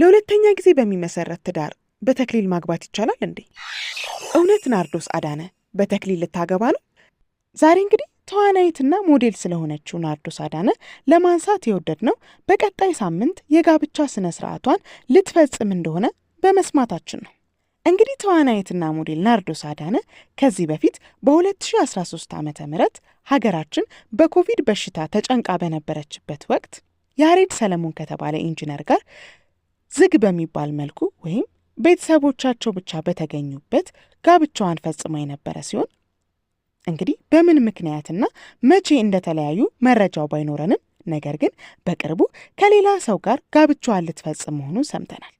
ለሁለተኛ ጊዜ በሚመሰረት ትዳር በተክሊል ማግባት ይቻላል እንዴ? እውነት ናርዶስ አዳነ በተክሊል ልታገባ ነው? ዛሬ እንግዲህ ተዋናይትና ሞዴል ስለሆነችው ናርዶስ አዳነ ለማንሳት የወደድ ነው በቀጣይ ሳምንት የጋብቻ ስነ ስርዓቷን ልትፈጽም እንደሆነ በመስማታችን ነው። እንግዲህ ተዋናይትና ሞዴል ናርዶስ አዳነ ከዚህ በፊት በ2013 ዓ ም ሀገራችን በኮቪድ በሽታ ተጨንቃ በነበረችበት ወቅት ያሬድ ሰለሞን ከተባለ ኢንጂነር ጋር ዝግ በሚባል መልኩ ወይም ቤተሰቦቻቸው ብቻ በተገኙበት ጋብቻዋን ፈጽሞ የነበረ ሲሆን እንግዲህ በምን ምክንያትና መቼ እንደተለያዩ መረጃው ባይኖረንም ነገር ግን በቅርቡ ከሌላ ሰው ጋር ጋብቻዋን ልትፈጽም መሆኑን ሰምተናል።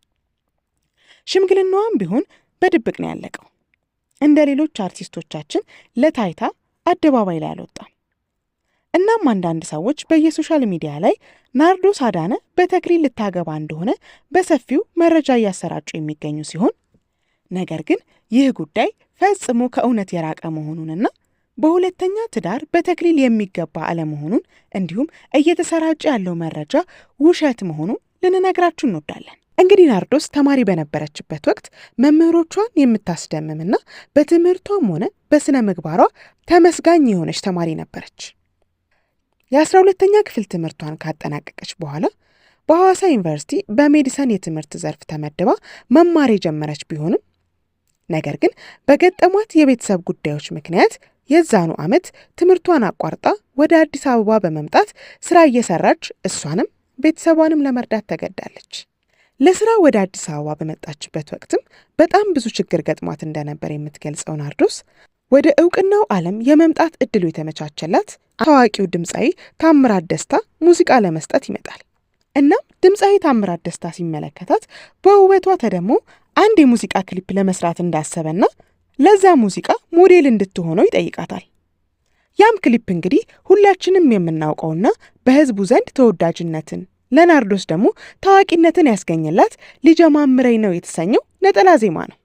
ሽምግልናዋም ቢሆን በድብቅ ነው ያለቀው። እንደ ሌሎች አርቲስቶቻችን ለታይታ አደባባይ ላይ አልወጣም። እናም አንዳንድ ሰዎች በየሶሻል ሚዲያ ላይ ናርዶስ አዳነ በተክሊል ልታገባ እንደሆነ በሰፊው መረጃ እያሰራጩ የሚገኙ ሲሆን ነገር ግን ይህ ጉዳይ ፈጽሞ ከእውነት የራቀ መሆኑንና በሁለተኛ ትዳር በተክሊል የሚገባ አለመሆኑን እንዲሁም እየተሰራጨ ያለው መረጃ ውሸት መሆኑን ልንነግራችሁ እንወዳለን። እንግዲህ ናርዶስ ተማሪ በነበረችበት ወቅት መምህሮቿን የምታስደምምና በትምህርቷም ሆነ በስነ ምግባሯ ተመስጋኝ የሆነች ተማሪ ነበረች። የአስራ ሁለተኛ ክፍል ትምህርቷን ካጠናቀቀች በኋላ በሐዋሳ ዩኒቨርሲቲ በሜዲሰን የትምህርት ዘርፍ ተመድባ መማር የጀመረች ቢሆንም ነገር ግን በገጠሟት የቤተሰብ ጉዳዮች ምክንያት የዛኑ ዓመት ትምህርቷን አቋርጣ ወደ አዲስ አበባ በመምጣት ስራ እየሰራች እሷንም ቤተሰቧንም ለመርዳት ተገዳለች። ለስራ ወደ አዲስ አበባ በመጣችበት ወቅትም በጣም ብዙ ችግር ገጥሟት እንደነበር የምትገልጸው ናርዶስ ወደ እውቅናው ዓለም የመምጣት እድሉ የተመቻቸላት ታዋቂው ድምፃዊ ታምራት ደስታ ሙዚቃ ለመስጠት ይመጣል። እናም ድምፃዊ ታምራት ደስታ ሲመለከታት በውበቷ ተደሞ አንድ የሙዚቃ ክሊፕ ለመስራት እንዳሰበና ለዛ ሙዚቃ ሞዴል እንድትሆነው ይጠይቃታል። ያም ክሊፕ እንግዲህ ሁላችንም የምናውቀውና በህዝቡ ዘንድ ተወዳጅነትን ለናርዶስ ደግሞ ታዋቂነትን ያስገኝላት ልጀማምረኝ ነው የተሰኘው ነጠላ ዜማ ነው።